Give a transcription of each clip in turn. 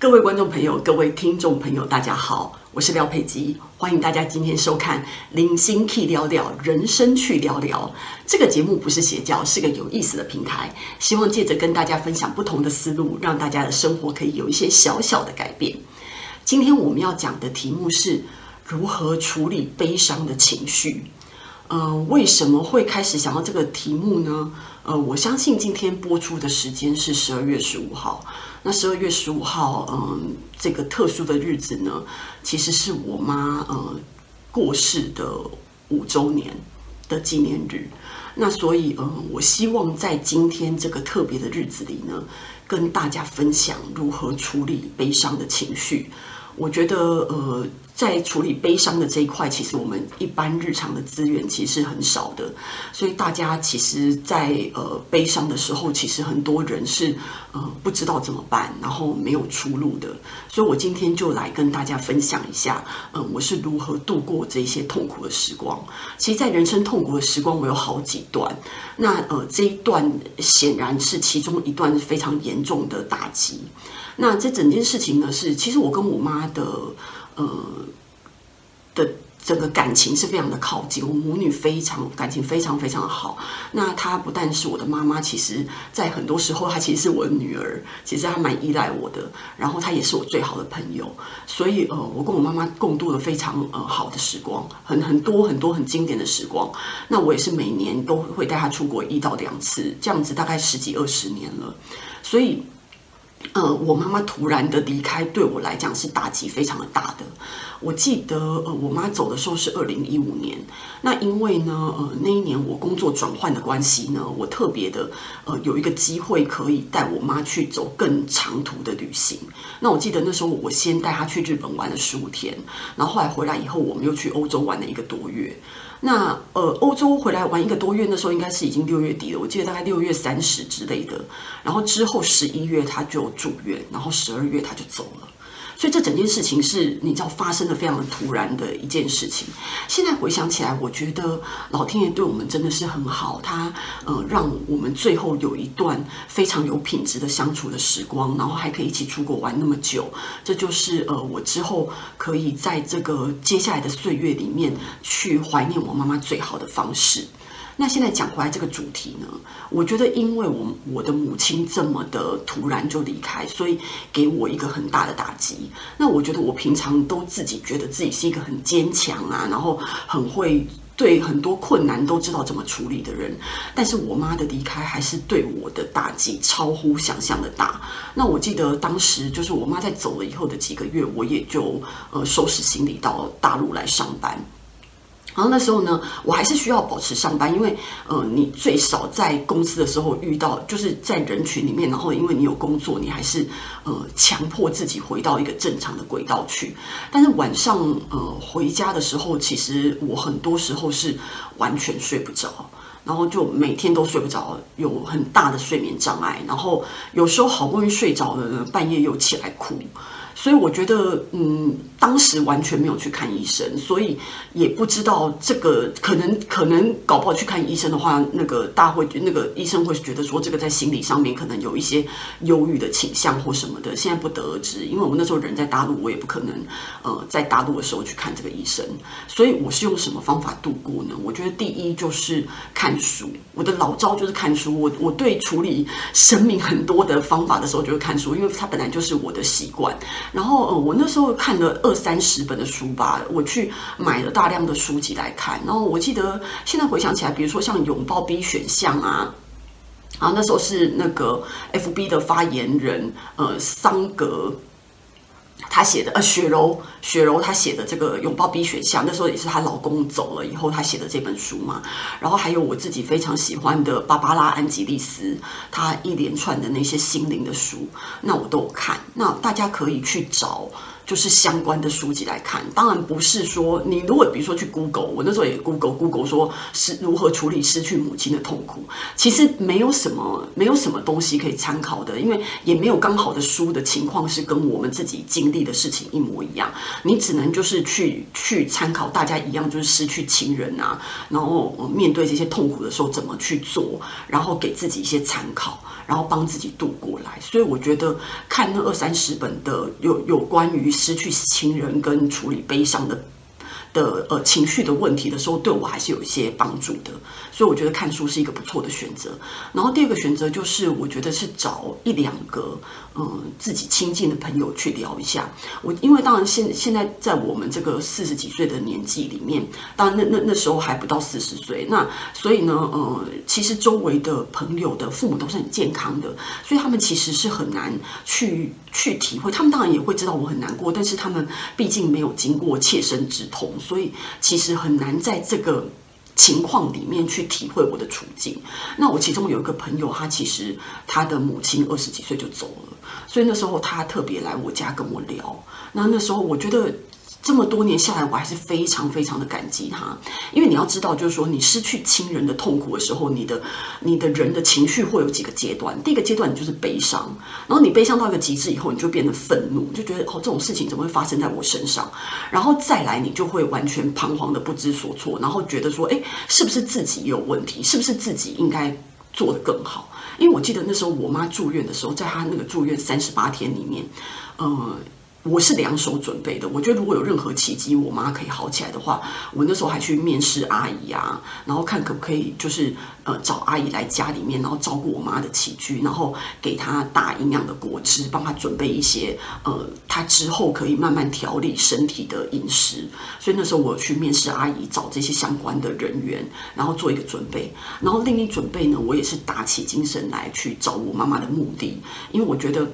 各位觀眾朋友，各位聽眾朋友，大家好，我是廖佩吉。歡迎大家今天收看《零星 Key 聊聊，人生去聊聊》這個節目，不是邪教，是個有意思的平台，希望借着跟大家分享不同的思路，讓大家的生活可以有一些小小的改變。今天我們要講的題目是如何處理悲傷的情緒。呃，為什麼會開始想到這個題目呢？呃，我相信今天播出的時間是十二月十五號。那十二月十五號，嗯，這個特殊的日子呢，其實是我媽，嗯，過世的五周年的紀念日。那所以，嗯，我希望在今天這個特別的日子裡呢，跟大家分享如何處理悲傷的情緒。我覺得，呃、嗯。在處理悲傷的這一塊，其實我們一般日常的資源其實是很少的，所以大家其實在，在呃悲傷的時候，其實很多人是呃不知道怎麼辦，然後沒有出路的。所以我今天就來跟大家分享一下，嗯、呃，我是如何度過這一些痛苦的時光。其實，在人生痛苦的時光，我有好幾段。那呃，這一段顯然是其中一段非常嚴重的打擊。那這整件事情呢，是其實我跟我媽的呃，的整個感情是非常的靠近，我母女非常感情非常非常的好。那她不但是我的媽媽，其實在很多時候，她其實是我的女兒，其實她蠻依賴我的。然後她也是我最好的朋友，所以呃，我跟我媽媽共度了非常呃好的時光，很很多很多很經典的時光。那我也是每年都會帶她出國一到兩次，這樣子大概十幾二十年了，所以。呃，我媽媽突然的離開對我來講是打擊非常的大的。我記得，呃，我媽走的時候是二零一五年。那因為呢，呃，那一年我工作轉換的關係呢，我特別的，呃，有一個機會可以帶我媽去走更長途的旅行。那我記得那時候我先帶她去日本玩了十五天，然後後來回來以後，我們又去歐洲玩了一個多月。那呃，歐洲回來玩一個多月的時候，應該是已經六月底了。我記得大概六月三十之類的。然後之後十一月他就住院，然後十二月他就走了。所以這整件事情是你知道發生的非常突然的一件事情。現在回想起來，我覺得老天爺對我們真的是很好，他呃讓我們最後有一段非常有品質的相處的時光，然後還可以一起出國玩那麼久，這就是呃我之後可以在這個接下來的歲月裡面去懷念我媽媽最好的方式。那現在講回來這個主題呢，我覺得因為我我的母親這麼的突然就離開，所以給我一個很大的打擊。那我覺得我平常都自己覺得自己是一個很堅強啊，然後很會對很多困難都知道怎麼處理的人，但是我媽的離開還是對我的打擊超乎想象的大。那我記得當時就是我媽在走了以後的幾個月，我也就呃收拾行李到大陸來上班。然後那時候呢，我還是需要保持上班，因為呃，你最少在公司的時候遇到，就是在人群裡面，然後因為你有工作，你還是呃強迫自己回到一個正常的軌道去。但是晚上呃回家的時候，其實我很多時候是完全睡不着，然後就每天都睡不着，有很大的睡眠障礙。然後有時候好不容易睡着了，半夜又起來哭，所以我覺得嗯。當時完全沒有去看醫生，所以也不知道這個可能，可能搞不好去看醫生的話，那個大會那個醫生會覺得說，這個在心理上面可能有一些憂鬱的傾向或什麼的，現在不得而知。因為我們那時候人在大陸，我也不可能呃在大陸的時候去看這個醫生，所以我是用什麼方法度過呢？我覺得第一就是看書，我的老招就是看書。我，我對處理生命很多的方法的時候就是看書，因為它本來就是我的習慣。然後呃我那時候看了二。二三十本的書吧，我去買了大量的書籍來看。然後我記得現在回想起來，比如說像《擁抱 B 選項》啊，啊，那時候是那個 FB 的發言人呃桑格他寫的，呃、啊、雪柔雪柔她寫的這個《擁抱 B 選項》，那時候也是她老公走了以後她寫的這本書嘛。然後還有我自己非常喜歡的芭芭拉安吉麗斯，她一連串的那些心靈的書，那我都有看。那大家可以去找。就是相關的書籍來看，當然不是說你如果比如說去 Google，我那時候也 Google，Google 說是如何處理失去母親的痛苦，其實沒有什麼沒有什麼東西可以參考的，因為也沒有剛好的書的情況是跟我們自己經歷的事情一模一樣。你只能就是去去參考大家一樣，就是失去親人啊，然後面對這些痛苦的時候怎麼去做，然後給自己一些參考，然後幫自己度過來。所以我覺得看那二三十本的有有關於。失去親人跟處理悲傷的。的呃、情緒的問題的時候，對我還是有一些幫助的，所以我覺得看書是一個不錯的選擇。然後第二個選擇就是，我覺得是找一兩個嗯自己親近的朋友去聊一下。我因為當然現在現在在我們這個四十幾歲的年紀裡面，當然那那那時候還不到四十歲，那所以呢，呃，其實周圍的朋友的父母都是很健康的，所以他們其實是很難去去體會。他們當然也會知道我很難過，但是他們畢竟沒有經過切身之痛。所以其實很難在這個情況裡面去體會我的處境。那我其中有一個朋友，他其實他的母親二十幾歲就走了，所以那時候他特別來我家跟我聊。那那時候我覺得。這麼多年下來，我還是非常非常的感激他，因為你要知道，就是說你失去親人的痛苦的時候，你的你的人的情緒會有幾個階段。第一個階段你就是悲傷，然後你悲傷到一個極致以後，你就變得憤怒，就覺得哦這種事情怎麼會發生在我身上？然後再來你就會完全彷徨的不知所措，然後覺得說，哎，是不是自己有問題？是不是自己應該做得更好？因為我記得那時候我媽住院的時候，在她那個住院三十八天裡面，嗯、呃。我是兩手準備的。我覺得如果有任何契機，我媽可以好起來的話，我那時候還去面試阿姨啊，然後看可不可以，就是呃找阿姨來家裡面，然後照顧我媽的起居，然後給她打營養的果汁，幫她準備一些呃她之後可以慢慢調理身體的飲食。所以那時候我去面試阿姨，找這些相關的人員，然後做一個準備。然後另一準備呢，我也是打起精神來去找我媽媽的墓地，因為我覺得。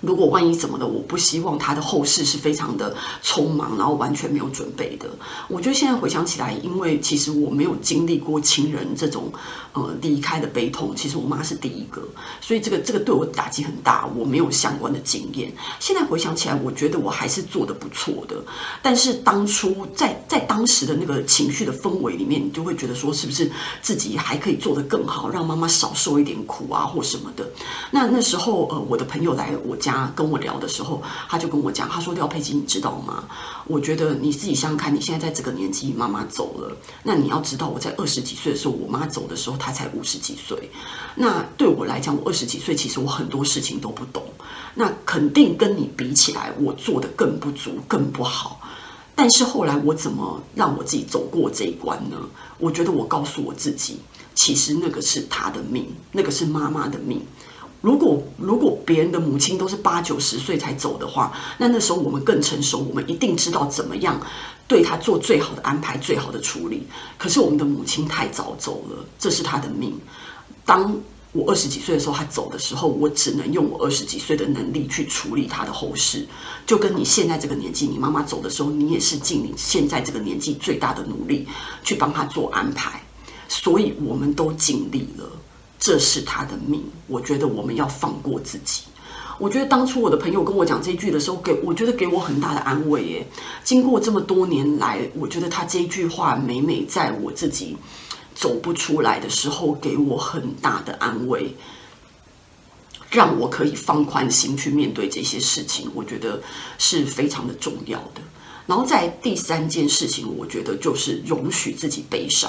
如果萬一什麼的，我不希望他的後事是非常的匆忙，然後完全沒有準備的。我覺得現在回想起來，因為其實我沒有經歷過親人這種呃離開的悲痛，其實我媽是第一個，所以這個這個對我打擊很大。我沒有相關的經驗。現在回想起來，我覺得我還是做得不錯的。但是當初在在當時的那個情緒的氛圍裡面，你就會覺得說，是不是自己還可以做得更好，讓媽媽少受一點苦啊，或什麼的。那那時候呃，我的朋友來了我家跟我聊的時候，他就跟我講，他說：“廖佩琪，你知道嗎？我覺得你自己想想看，你現在在這個年紀，媽媽走了，那你要知道，我在二十幾歲的時候，我媽走的時候，她才五十幾歲。那對我來講，我二十幾歲，其實我很多事情都不懂。那肯定跟你比起來，我做得更不足，更不好。但是後來，我怎麼讓我自己走過這一關呢？我覺得我告訴我自己，其實那個是他的命，那個是媽媽的命。”如果如果，別人的母親都是八九十歲才走的話，那那時候我們更成熟，我們一定知道怎麼樣對她做最好的安排、最好的處理。可是我們的母親太早走了，這是她的命。當我二十幾歲的時候，她走的時候，我只能用我二十幾歲的能力去處理她的後事。就跟你現在這個年紀，你媽媽走的時候，你也是盡你現在這個年紀最大的努力去幫她做安排。所以我們都盡力了。這是他的命，我覺得我們要放過自己。我覺得當初我的朋友跟我講這句的時候，給我覺得給我很大的安慰耶。經過這麼多年來，我覺得他這句話每每在我自己走不出來的時候，給我很大的安慰，讓我可以放寬心去面對這些事情，我覺得是非常的重要的。然後在第三件事情，我覺得就是容許自己悲傷。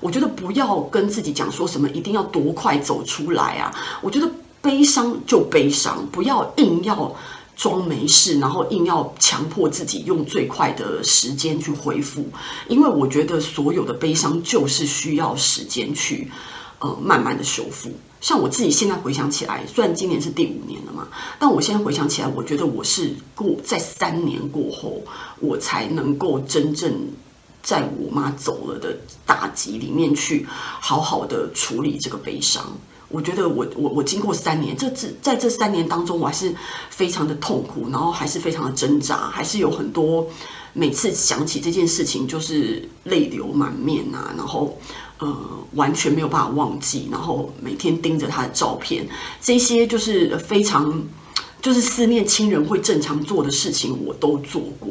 我覺得不要跟自己講說什麼一定要多快走出來啊！我覺得悲傷就悲傷，不要硬要裝沒事，然後硬要強迫自己用最快的時間去恢復。因為我覺得所有的悲傷就是需要時間去，呃，慢慢的修復。像我自己現在回想起來，雖然今年是第五年了嘛，但我現在回想起來，我覺得我是過在三年過後，我才能夠真正在我媽走了的打擊裡面去好好的處理這個悲傷。我覺得我我我經過三年，這這在這三年當中，我還是非常的痛苦，然後還是非常的掙扎，還是有很多每次想起這件事情就是淚流滿面啊，然後。呃，完全沒有辦法忘記，然後每天盯着他的照片，這些就是非常，就是思念親人會正常做的事情，我都做過，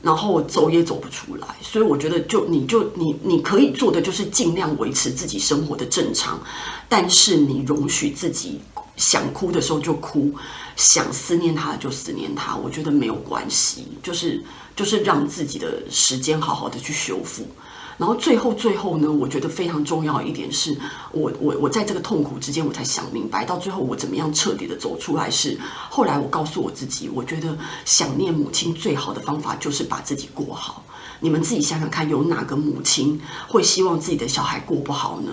然後走也走不出來，所以我覺得就你就你你可以做的就是盡量維持自己生活的正常，但是你容許自己想哭的時候就哭，想思念他就思念他，我覺得沒有關係，就是就是讓自己的時間好好的去修復。然後最後最後呢，我覺得非常重要一點是，我我我在這個痛苦之間，我才想明白，到最後我怎麼樣徹底的走出來是，是後來我告訴我自己，我覺得想念母親最好的方法就是把自己過好。你們自己想想看，有哪個母親會希望自己的小孩過不好呢？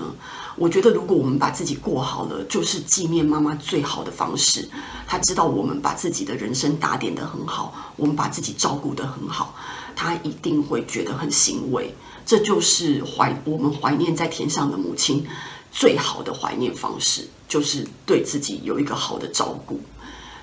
我覺得如果我們把自己過好了，就是紀念媽媽最好的方式。她知道我們把自己的人生打點得很好，我們把自己照顧得很好，她一定會覺得很欣慰。這就是懷我們懷念在天上的母親最好的懷念方式，就是對自己有一個好的照顧。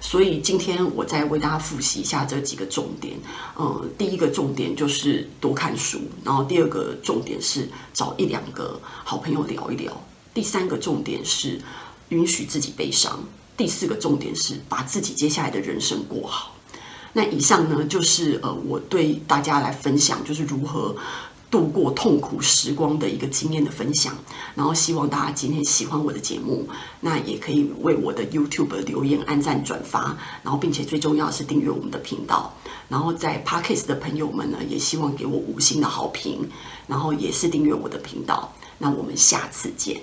所以今天我再為大家複習一下這幾個重點。呃，第一個重點就是多看書，然後第二個重點是找一兩個好朋友聊一聊。第三個重點是允許自己悲傷。第四個重點是把自己接下來的人生過好。那以上呢，就是呃，我對大家來分享，就是如何。度過痛苦時光的一個經驗的分享，然後希望大家今天喜歡我的節目，那也可以為我的 YouTube 留言、按讚、轉發，然後並且最重要是訂閱我們的頻道。然後在 Podcast 的朋友們呢，也希望給我五星的好評，然後也是訂閱我的頻道。那我們下次見。